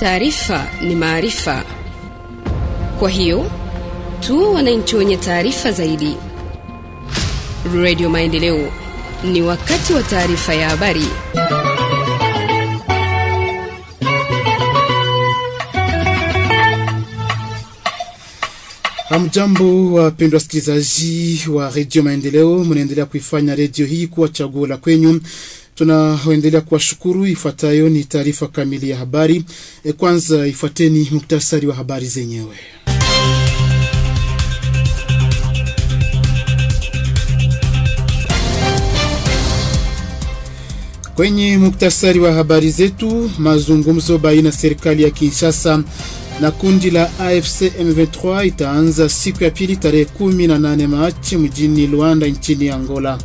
Taarifa ni maarifa, kwa hiyo tu wananchi wenye taarifa zaidi. Radio Maendeleo, ni wakati wa taarifa ya habari. Hamjambo, wapendwa wasikilizaji wa redio Maendeleo, mnaendelea kuifanya redio hii kuwa chaguo la kwenyu Tunaendelea kuwashukuru. Ifuatayo ni taarifa kamili ya habari. E, kwanza ifuateni muktasari wa habari zenyewe. Kwenye muktasari wa habari zetu, mazungumzo baina serikali ya Kinshasa na kundi la AFC M23 itaanza siku ya pili tarehe 18 Machi mjini Luanda nchini Angola.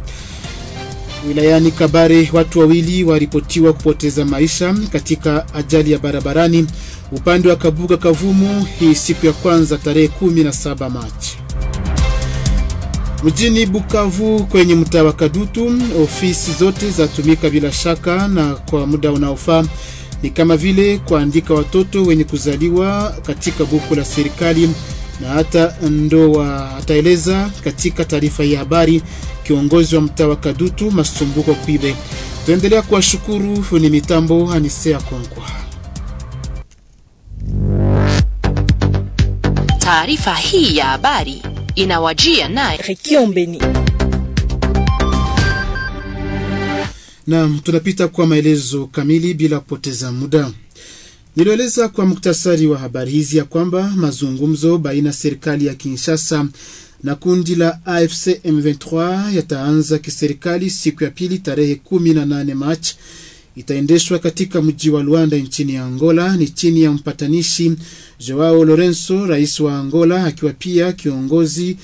Wilayani Kabare watu wawili waripotiwa kupoteza maisha katika ajali ya barabarani upande wa Kabuga Kavumu hii siku ya kwanza tarehe 17 Machi. Mjini Bukavu kwenye mtaa wa Kadutu ofisi zote zatumika bila shaka na kwa muda unaofaa, ni kama vile kuandika watoto wenye kuzaliwa katika buku la serikali na hata ndoa, ataeleza katika taarifa ya habari kiongozi wa mtaa wa Kadutu Masumbuko Kwibe. Tuendelea kuwashukuru ni mitambo Anisea Konkwa. Taarifa hii ya habari inawajia naye Rekiombeni. Naam, tunapita kwa maelezo kamili bila kupoteza muda. Nilieleza kwa muktasari wa habari hizi ya kwamba mazungumzo baina serikali ya Kinshasa na kundi la AFC M23 yataanza kiserikali siku ya pili tarehe 18 Machi, itaendeshwa katika mji wa Luanda nchini Angola. Ni chini ya mpatanishi Joao Lorenzo, rais wa Angola, akiwa pia kiongozi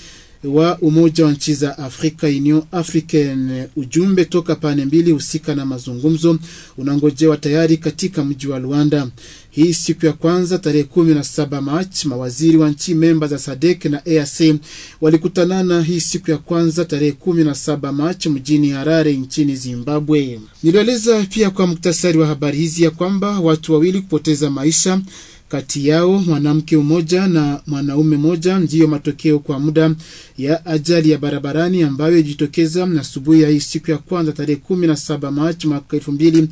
wa Umoja wa Nchi za Afrika, Union African. Ujumbe toka pande mbili husika na mazungumzo unangojewa tayari katika mji wa Luanda. Hii siku ya kwanza tarehe 17 Machi, mawaziri wa nchi memba za SADC na EAC walikutanana hii siku ya kwanza tarehe 17 Machi mjini Harare nchini Zimbabwe. Nilieleza pia kwa muktasari wa habari hizi ya kwamba watu wawili kupoteza maisha kati yao mwanamke mmoja na mwanaume mmoja ndiyo matokeo kwa muda ya ajali ya barabarani ambayo ilijitokeza asubuhi ya hii siku ya kwanza tarehe 17 Machi mwaka mbili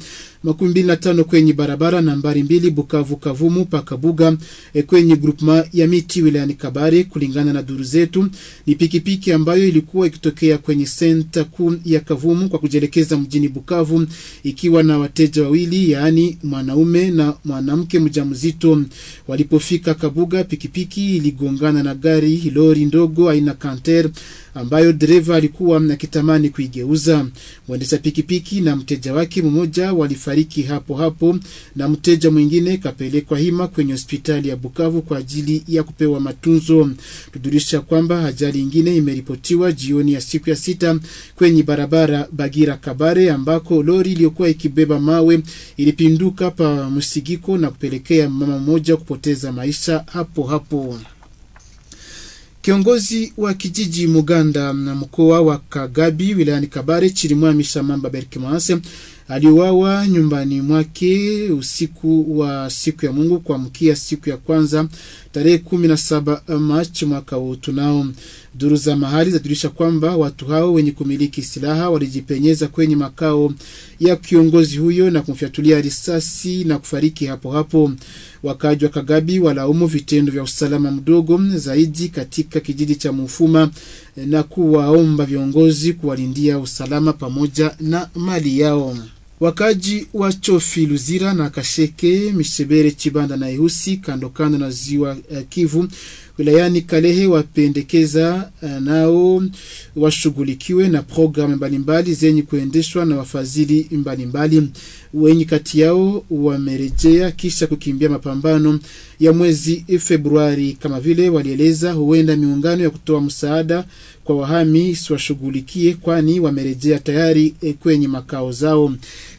25 kwenye barabara nambari mbili Bukavu Kavumu pakabuga e, eh, kwenye grupma ya miti wilayani Kabare. Kulingana na duru zetu, ni pikipiki ambayo ilikuwa ikitokea kwenye senta kuu ya Kavumu kwa kujielekeza mjini Bukavu ikiwa na wateja wawili, yaani mwanaume na mwanamke mjamzito. Walipofika Kabuga, pikipiki iligongana na gari lori ndogo aina Canter ambayo dereva alikuwa akitamani kuigeuza. Mwendesha pikipiki na mteja wake mmoja walifariki hapo hapo, na mteja mwingine kapelekwa hima kwenye hospitali ya Bukavu kwa ajili ya kupewa matunzo. tudurisha kwamba ajali ingine imeripotiwa jioni ya siku ya sita kwenye barabara Bagira Kabare, ambako lori iliyokuwa ikibeba mawe ilipinduka pa msigiko na kupelekea mama mmoja kupoteza maisha hapo hapo. Kiongozi wa kijiji Muganda na mkoa wa Kagabi wilayani Kabare Chirimwami Shamamba Berkimanse Aliuawa nyumbani mwake usiku wa siku ya Mungu kuamkia siku ya kwanza tarehe 17 Machi mwaka huu. Tunao duru za mahali zadirisha kwamba watu hao wenye kumiliki silaha walijipenyeza kwenye makao ya kiongozi huyo na kumfyatulia risasi na kufariki hapo hapo. Wakaaji wa Kagabi walaumu vitendo vya usalama mdogo zaidi katika kijiji cha Mufuma na kuwaomba viongozi kuwalindia usalama pamoja na mali yao. Wakaji wa Chofi, Luzira na Kasheke, Mishebere, Chibanda na Ihusi kando na ziwa eh, Kivu wilayani Kalehe wapendekeza eh, nao washughulikiwe na programu mbalimbali zenye kuendeshwa na wafadhili mbalimbali. Wengi kati yao wamerejea kisha kukimbia mapambano ya mwezi Februari, kama vile walieleza. Huenda miungano ya kutoa msaada kwa wahami siwashughulikie, kwani wamerejea tayari eh, kwenye makao zao.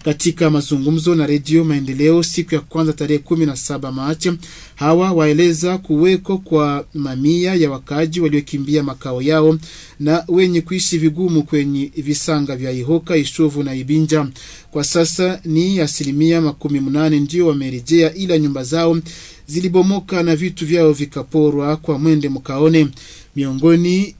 Katika mazungumzo na Redio Maendeleo siku ya kwanza tarehe 17 Machi, hawa waeleza kuweko kwa mamia ya wakaji waliokimbia makao yao na wenye kuishi vigumu kwenye visanga vya Ihoka, Ishovu na Ibinja. Kwa sasa ni asilimia makumi ndio wamerejea, ila nyumba zao zilibomoka na vitu vyao vikaporwa kwa mwende mkaone. Miongoni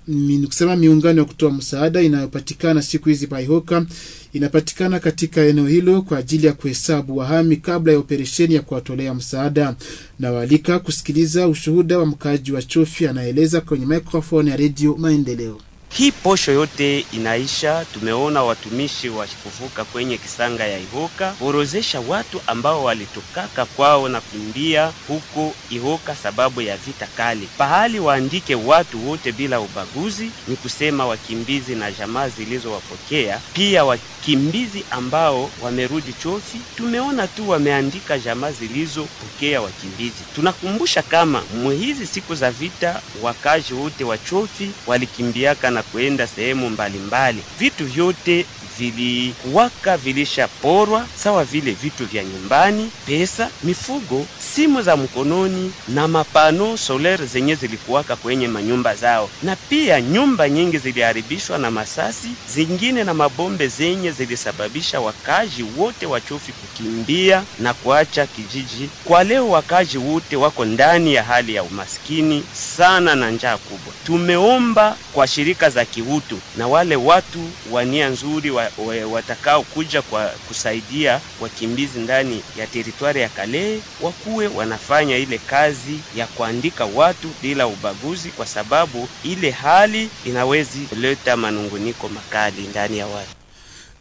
kusema miungano ya kutoa msaada inayopatikana siku hizi paihoka inapatikana katika eneo hilo kwa ajili ya kuhesabu wahami kabla ya operesheni ya kuwatolea msaada. Nawaalika kusikiliza ushuhuda wa mkaaji wa Chofi anaeleza kwenye microphone ya Redio Maendeleo. Hii posho yote inaisha. Tumeona watumishi wakuvuka kwenye kisanga ya Ihoka orozesha watu ambao walitokaka kwao na kumbia huko Ihoka sababu ya vita kali. Pahali waandike watu wote bila ubaguzi, ni kusema wakimbizi na jamaa zilizowapokea pia wakimbizi ambao wamerudi chofi. Tumeona tu wameandika jamaa zilizopokea wakimbizi. Tunakumbusha kama hizi siku za vita wakazi wote wa chofi walikimbiaka na kuenda sehemu mbalimbali Vitu vyote viliwaka vilishaporwa, sawa vile vitu vya nyumbani, pesa, mifugo, simu za mkononi na mapano solaire zenye zilikuwaka kwenye manyumba zao, na pia nyumba nyingi ziliharibishwa na masasi zingine na mabombe zenye zilisababisha wakaji wote wachofi kukimbia na kuacha kijiji. Kwa leo wakaji wote wako ndani ya hali ya umaskini sana na njaa kubwa. Tumeomba kwa shirika za kiutu na wale watu wa nia nzuri wa wa, watakao kuja kwa kusaidia wakimbizi ndani ya teritwari ya Kale wakuwe wanafanya ile kazi ya kuandika watu bila ubaguzi, kwa sababu ile hali inawezi leta manunguniko makali ndani ya watu.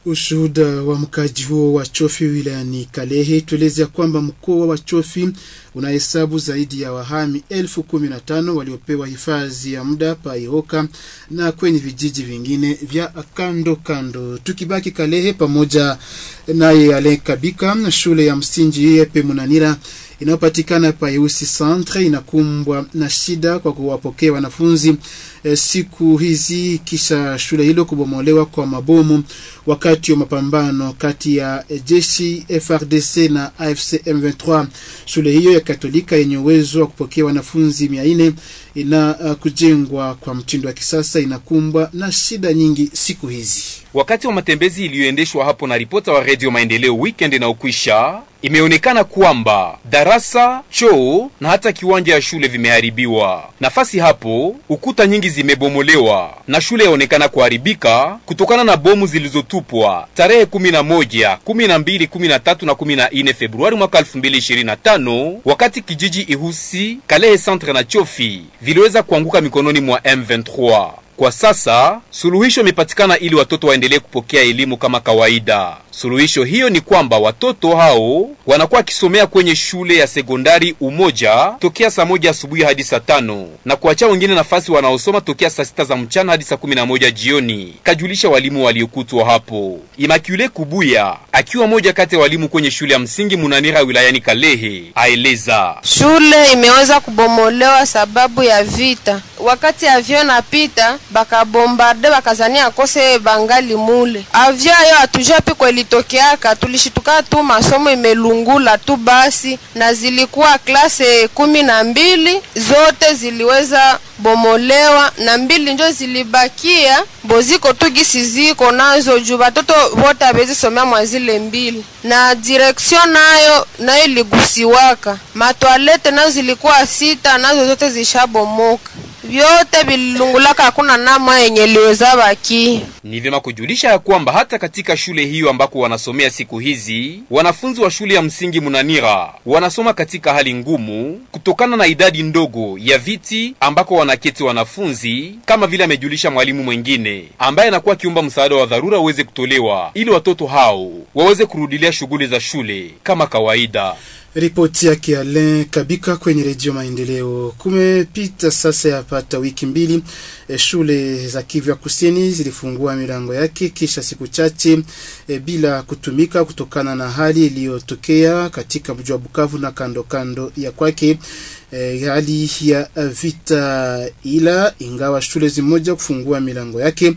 Ushuhuda wa mkaji huo wa Chofi wilayani Kalehe tuelezea kwamba mkoa wa Chofi unahesabu zaidi ya wahami elfu kumi na tano waliopewa hifadhi ya muda Paioka na kwenye vijiji vingine vya kando kando. Tukibaki Kalehe pamoja naye Alain Kabika, shule ya msingi Yepe Munanira inayopatikana pa Eusi Centre inakumbwa na shida kwa kuwapokea wanafunzi e, siku hizi kisha shule hilo kubomolewa kwa mabomu wakati wa mapambano kati ya e, jeshi FRDC na AFC M23. Shule hiyo ya Katolika yenye uwezo wa kupokea wanafunzi 400 ina uh, kujengwa kwa mtindo wa kisasa inakumbwa na shida nyingi siku hizi. Wakati wa matembezi iliyoendeshwa hapo na ripota wa redio Maendeleo weekend ukwisha imeonekana kwamba darasa, choo na hata kiwanja ya shule vimeharibiwa. Nafasi hapo ukuta nyingi zimebomolewa na shule yaonekana kuharibika kutokana na bomu zilizotupwa tarehe 11, 12, 13 na 14 Februari mwaka 2025 wakati kijiji Ihusi Kalehe centre na Chofi viliweza kuanguka mikononi mwa M23. Kwa sasa suluhisho imepatikana ili watoto waendelee kupokea elimu kama kawaida. Suluhisho hiyo ni kwamba watoto hao wanakuwa wakisomea kwenye shule ya sekondari Umoja tokea saa moja asubuhi hadi saa tano na kuacha wengine nafasi wanaosoma tokea saa sita za mchana hadi saa kumi na moja jioni, kajulisha walimu waliokutwa hapo. imakiule Kubuya akiwa moja kati ya walimu kwenye shule ya msingi Munanira wilayani Kalehe aeleza shule imeweza kubomolewa sababu ya vita. Wakati avyo napita bakabombarde bakazania akose bangali mule avyo ayo atujapi kweli ilitokeaka, tulishituka tu masomo imelungula tu basi, na zilikuwa klase kumi na mbili zote ziliweza bomolewa na mbili njo zilibakia boziko tu gisi ziko nazo juu batoto vote abezisomea mwa zile mbili, na direksion nayo nayo iligusiwaka. Matwalete nazo zilikuwa sita, nazo zote zishabomoka vyote vililungulaka, hakuna namna yenye liweza baki. Ni vyema kujulisha ya kwamba hata katika shule hiyo ambako wanasomea siku hizi wanafunzi wa shule ya msingi Munanira wanasoma katika hali ngumu kutokana na idadi ndogo ya viti ambako wanaketi wanafunzi, kama vile amejulisha mwalimu mwengine ambaye anakuwa akiomba msaada wa dharura uweze kutolewa ili watoto hao waweze kurudilia shughuli za shule kama kawaida. Ripoti yake Alain Kabika kwenye Redio Maendeleo. Kumepita sasa yapata wiki mbili, e, shule za Kivu ya Kusini zilifungua milango yake kisha siku chache e, bila kutumika kutokana na hali iliyotokea katika mji wa Bukavu na kando kando ya kwake. E, eh, hali ya eh, vita, ila ingawa shule zimoja kufungua milango yake,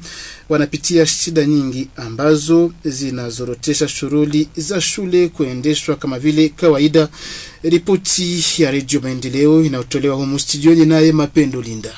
wanapitia shida nyingi ambazo zinazorotesha shughuli za shule kuendeshwa kama vile kawaida. Ripoti ya Redio Maendeleo inayotolewa humu studioni, naye Mapendo Linda.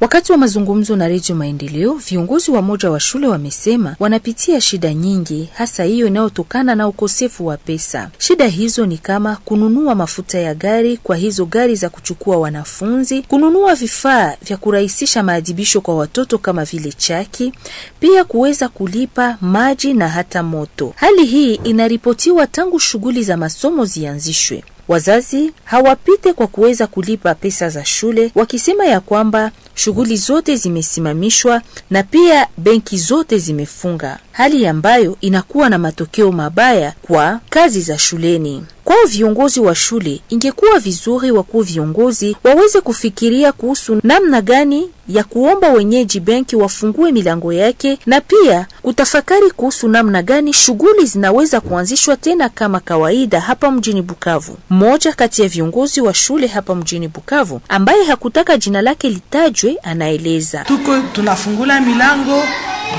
Wakati wa mazungumzo na Redio Maendeleo, viongozi wa moja wa shule wamesema wanapitia shida nyingi, hasa hiyo inayotokana na ukosefu wa pesa. Shida hizo ni kama kununua mafuta ya gari kwa hizo gari za kuchukua wanafunzi, kununua vifaa vya kurahisisha maadhibisho kwa watoto kama vile chaki, pia kuweza kulipa maji na hata moto. Hali hii inaripotiwa tangu shughuli za masomo zianzishwe. Wazazi hawapite kwa kuweza kulipa pesa za shule, wakisema ya kwamba shughuli zote zimesimamishwa na pia benki zote zimefunga, hali ambayo inakuwa na matokeo mabaya kwa kazi za shuleni. Kwao viongozi wa shule, ingekuwa vizuri wakuu viongozi waweze kufikiria kuhusu namna gani ya kuomba wenyeji benki wafungue milango yake na pia kutafakari kuhusu namna gani shughuli zinaweza kuanzishwa tena kama kawaida hapa mjini Bukavu. Mmoja kati ya viongozi wa shule hapa mjini Bukavu ambaye hakutaka jina lake litajwe, anaeleza tuko tunafungula milango,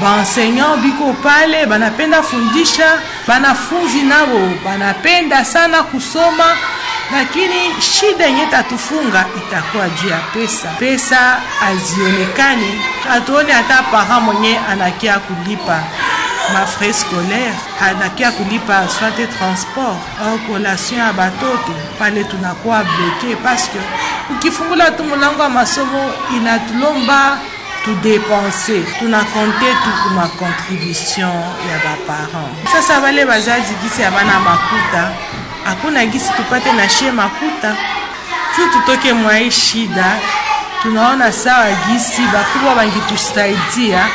baenseignant biko pale banapenda fundisha Banafunzi nabo banapenda sana kusoma, lakini shida yenye tatufunga itakuwa juu ya pesa. Pesa azionekani hatuone hata paha mwenye anakia kulipa mafrais scolaire, anakia kulipa soit transport au kolation ya batoto. Pale tunakuwa bloke, paske ukifungula tu mulango wa masomo inatulomba tudépense tunakonte tu kumakontribution ya baparent sasa bale bazazi gisi ya bana makuta hakuna gisi tupate na shie makuta si tutoke mwa hii shida tunaona sawa gisi bakubwa bangitusaidia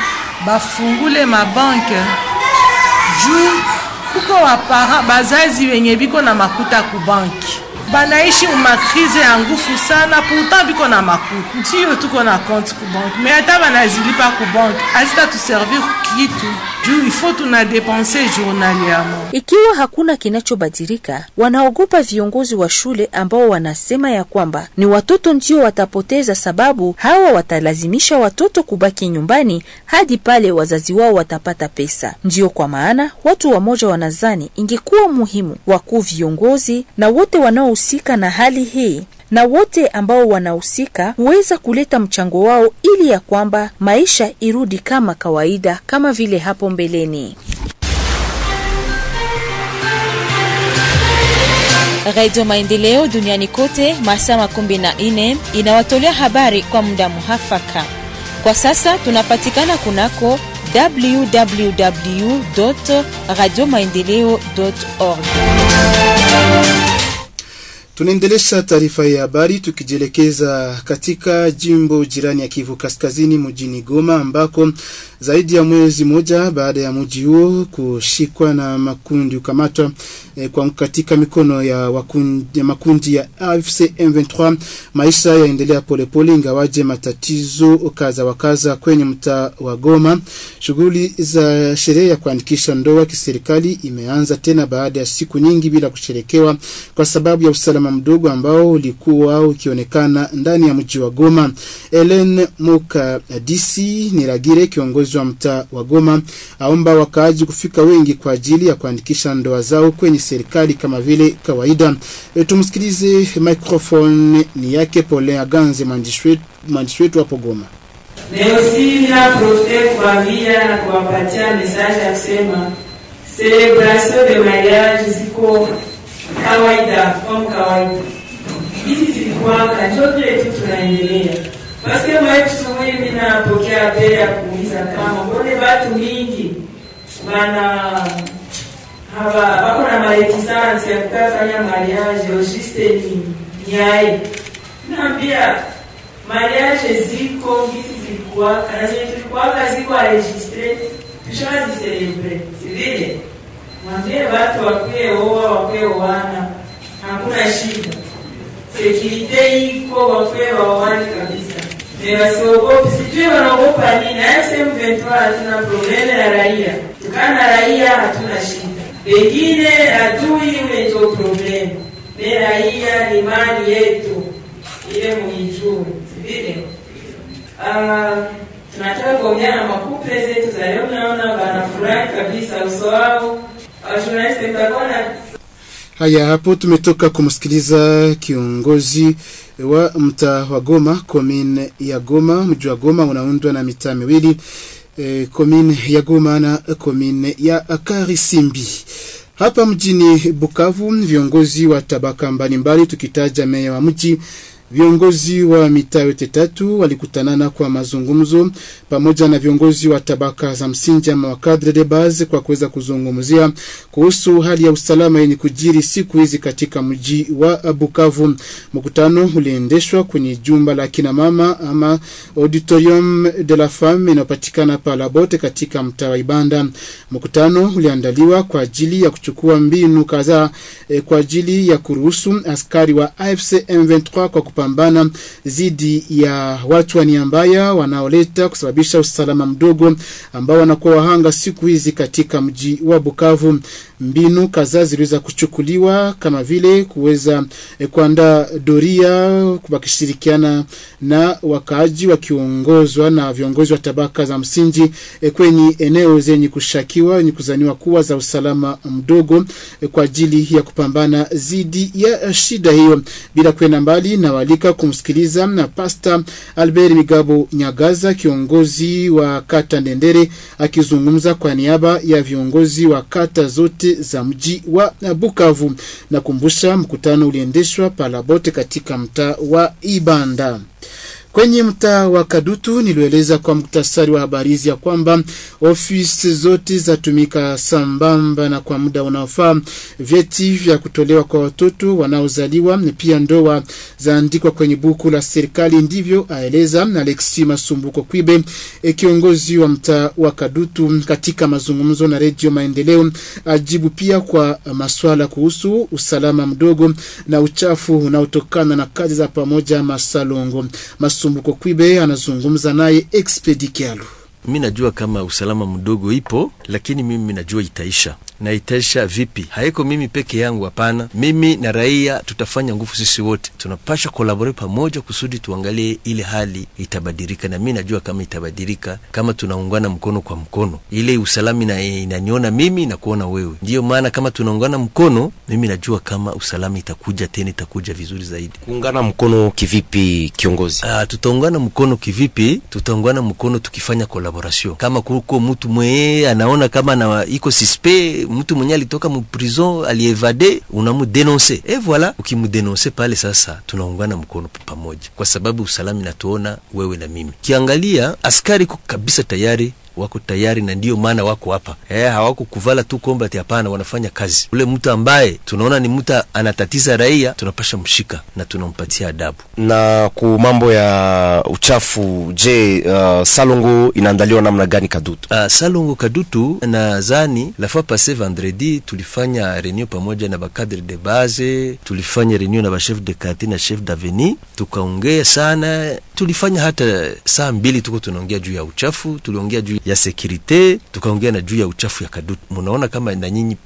bafungule mabanke juu kuko bazazi wenye biko na makuta ku kubanki banaishi umakrize ya ngufu sana pourtant biko na makutu ntiyo tuko na compte kubanke me ata banazilipa kubanke azitatuservir kitu juu ifo tunadepense journalièrement. Ikiwa hakuna kinachobadilika, wanaogopa viongozi wa shule ambao wanasema ya kwamba ni watoto ndio watapoteza, sababu hawa watalazimisha watoto kubaki nyumbani hadi pale wazazi wao watapata pesa. Ndio kwa maana watu wamoja wanazani ingekuwa muhimu wakuu viongozi na wote wanaohusika na hali hii na wote ambao wanahusika huweza kuleta mchango wao ili ya kwamba maisha irudi kama kawaida kama vile hapo mbeleni. Radio Maendeleo duniani kote masaa 14 inawatolea habari kwa muda muhafaka. Kwa sasa tunapatikana kunako www radio maendeleo org Tunaendelesha taarifa ya habari tukijielekeza katika jimbo jirani ya Kivu Kaskazini mjini Goma, ambako zaidi ya mwezi moja baada ya mji huo kushikwa na makundi ukamatwa e, kwa katika mikono ya, wakundi, ya makundi ya AFC M23, maisha yaendelea polepole, ingawaje matatizo kaza wakaza kwenye mtaa wa Goma. Shughuli za sherehe ya kuandikisha ndoa kiserikali imeanza tena baada ya siku nyingi bila kusherekewa kwa sababu ya usalama usalama mdogo ambao ulikuwa ukionekana ndani ya mji wa Goma. Ellen ni ragire kiongozi wa mtaa wa Goma, aomba wakaaji kufika wengi kwa ajili ya kuandikisha ndoa zao kwenye serikali kama vile kawaida. E, tumsikilize. Microphone ni yake Pole Aganze, mwandishi wetu hapo Goma. Neosina profete kuambia na kuwapatia mesaje ya kusema celebration de mariage ziko kawaida kama kawaida. Hizi zilikuanga chote tu tunaendelea. Basi kama yetu tumwe mimi napokea pele ya kuuliza kama mbone watu mingi bana hawa wako na maretisance ya kufanya mariage au juste ni Naambia mariage ziko hizi zilikuwa na zilikuwa ziko registre. Tushazi celebre. Sivile. Mwambie watu wakwe oa wakwe oana, hakuna shida. Sekirite iko wakwe waoane kabisa, newasiogopi. Eh, Sijui wanaogopa nini? Naye sehemu ventoa hatuna probleme na raia, tukana na raia hatuna shida. Pengine hatui ulezo problemu ne raia ni mali yetu ile muijuu, sivile? Uh, tunataka kuongea na makuple zetu za leo, naona bana furahi kabisa uso wao Haya, hapo tumetoka kumsikiliza kiongozi wa mtaa wa Goma, komine ya Goma. Mji wa Goma unaundwa na mitaa miwili e, eh, komine ya Goma na komine ya Karisimbi. Hapa mjini Bukavu, viongozi wa tabaka mbalimbali, tukitaja meya wa mji Viongozi wa mitaa yote tatu walikutanana kwa mazungumzo pamoja na viongozi wa tabaka za msingi ama wakadre de base kwa kuweza kuzungumzia kuhusu hali ya usalama yenye kujiri siku hizi katika mji wa Bukavu. Mkutano uliendeshwa kwenye jumba la kina mama ama auditorium de la femme inayopatikana Palabote katika mtaa wa Ibanda. Mkutano uliandaliwa kwa ajili ya kuchukua mbinu kadhaa eh, kwa ajili ya kuruhusu askari wa AFC M23 kwa kupambana dhidi ya watu wa mbaya wanaoleta kusababisha usalama mdogo ambao wanakuwa wahanga siku hizi katika mji wa Bukavu mbinu kadhaa ziliweza kuchukuliwa kama vile kuweza e, kuandaa doria wakishirikiana na wakaaji wakiongozwa na viongozi wa tabaka za msingi e, kwenye eneo zenye kushakiwa wenye kuzaniwa kuwa za usalama mdogo e, kwa ajili ya kupambana dhidi ya shida hiyo. Bila kwenda mbali, nawaalika kumsikiliza na Pasta Albert Migabo Nyagaza, kiongozi wa kata Ndendere, akizungumza kwa niaba ya viongozi wa kata zote zote za mji wa eh, Bukavu. Nakumbusha mkutano uliendeshwa Palabote katika mtaa wa Ibanda. Kwenye mtaa wa Kadutu nilieleza kwa muktasari wa habari hizi ya kwamba ofisi zote zatumika sambamba na kwa muda unaofaa. Vyeti vya kutolewa kwa watoto wanaozaliwa pia ndoa zaandikwa kwenye buku la serikali, ndivyo aeleza Alexi Masumbuko Kwibe, e, kiongozi wa mtaa wa Kadutu, katika mazungumzo na Redio Maendeleo. Ajibu pia kwa maswala kuhusu usalama mdogo na uchafu unaotokana na kazi za pamoja masalongo Masu Masumbuko Kwibe anazungumza naye Expedi Kialu. Mi najua kama usalama mdogo ipo, lakini mimi najua itaisha naitaisha vipi? Haiko mimi peke yangu, hapana. Mimi na raia tutafanya nguvu, sisi wote tunapasha kolabore pamoja kusudi tuangalie ile hali itabadilika, na mi najua kama itabadilika kama tunaungana mkono kwa mkono. Ile usalama inaniona mimi na kuona wewe, ndiyo maana kama tunaungana mkono, mimi najua kama usalama itakuja tena, itakuja vizuri zaidi. Kuungana mkono kivipi, kiongozi? Ah, tutaungana mkono kivipi? Tutaungana mkono tukifanya collaboration. Kama kuko mtu mweye anaona kama na iko sispe mtu mwenye alitoka muprison alievade, unamudenonse e, voila. Ukimudenonse pale sasa, tunaungana mkono pamoja, kwa sababu usalama inatuona wewe na mimi. Kiangalia askari kabisa tayari wako tayari, na ndiyo maana wako hapa eh, hawako kuvala tu komba hapana, wanafanya kazi. Ule mtu ambaye tunaona ni mtu anatatiza raia, tunapasha mshika na tunampatia adabu. Na ku mambo ya uchafu, je, uh, salongo inaandaliwa namna gani Kadutu? Uh, salongo Kadutu la fois passe vendredi tulifanya reunion pamoja na bakadre de base, tulifanya reunion na bashef de quartier na chef d'avenue, tukaongea sana tulifanya hata saa mbili tuko tunaongea juu ya uchafu, tuliongea juu ya sekurite, tukaongea na juu ya uchafu ya Kadutu. Munaona kama na nyinyi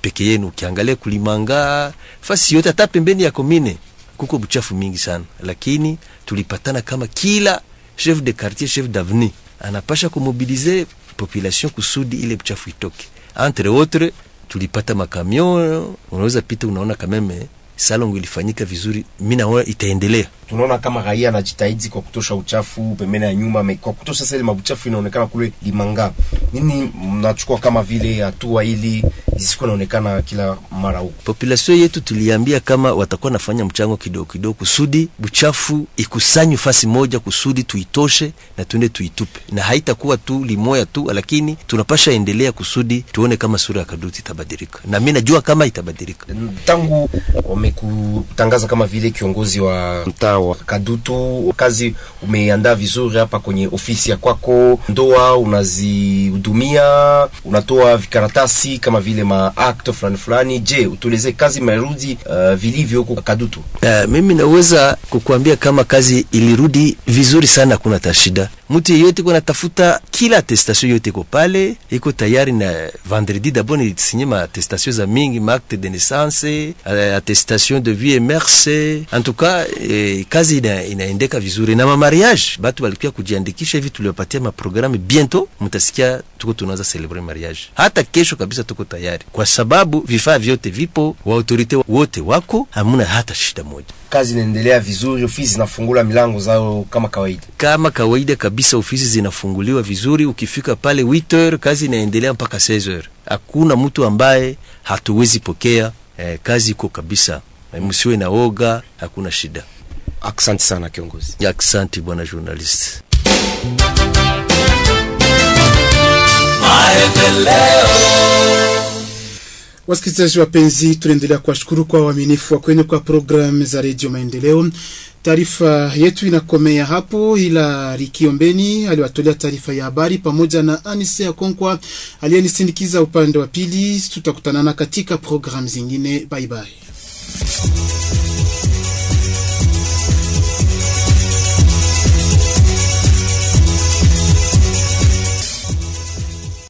peke yenu, ukiangalia kulimanga fasi yote, hata pembeni ya komine kuko buchafu mingi sana, lakini tulipatana kama kila chef de quartier, chef d'avni anapasha kumobilize population kusudi ile buchafu itoke. Entre autres tulipata makamion, unaweza pita, unaona kameme salongo ilifanyika vizuri, mi naona itaendelea tunaona kama raia anajitahidi kwa kutosha uchafu pembeni ya nyumba kwa kutosha. Sasa ile mabuchafu inaonekana kule Limanga, nini mnachukua kama vile hatua ili isikuwa naonekana kila mara huko? Population yetu tuliambia kama watakuwa nafanya mchango kidogo kidogo, kusudi buchafu ikusanywe fasi moja, kusudi tuitoshe na tuende tuitupe, na haitakuwa tu limoya tu, lakini tunapasha endelea kusudi tuone kama sura ya Kadutu itabadilika, na mimi najua kama itabadilika tangu wamekutangaza kama vile kiongozi wa mtaa sawa. Kadutu, kazi umeandaa vizuri hapa kwenye ofisi ya kwako, ndoa unazihudumia, unatoa vikaratasi kama vile maakto fulani fulani. Je, utueleze kazi imerudi uh, vilivyo huko Kadutu? Uh, mimi naweza kukuambia kama kazi ilirudi vizuri sana, kuna tashida mtu yeyote iko natafuta kila atestation yote ko pale, iko tayari na vendredi d'abord ma maatestation za mingi, maakte de naissance, euh, atestation de vie et merce. En tout cas, eh, kazi ina, inaendeka vizuri na mamariage, batu balipia kujiandikisha hivi, ma maprogramu. Biento mutasikia tuko tunaanza celebre mariage, hata kesho kabisa tuko tayari, kwa sababu vifaa vyote vipo, wa autorite wote wako, hamuna hata shida moja kazi inaendelea vizuri, ofisi zinafungula milango zao kama kawaida, kama kawaida kabisa. Ofisi zinafunguliwa vizuri, ukifika pale 8h kazi inaendelea mpaka 16h. Hakuna mtu ambaye hatuwezi pokea eh, kazi iko kabisa, eh, msiwe na oga, hakuna shida. Asante sana kiongozi. Asante bwana journalist. Maendeleo Wasikilizaji wapenzi, tunaendelea kuwashukuru kwa uaminifu wa kwenu kwa programu za redio Maendeleo. Taarifa yetu inakomea hapo, ila Rikiombeni aliwatolea taarifa ya habari pamoja na Anise ya Konkwa aliyenisindikiza upande wa pili. Tutakutanana katika programu zingine. Baibai, bye bye.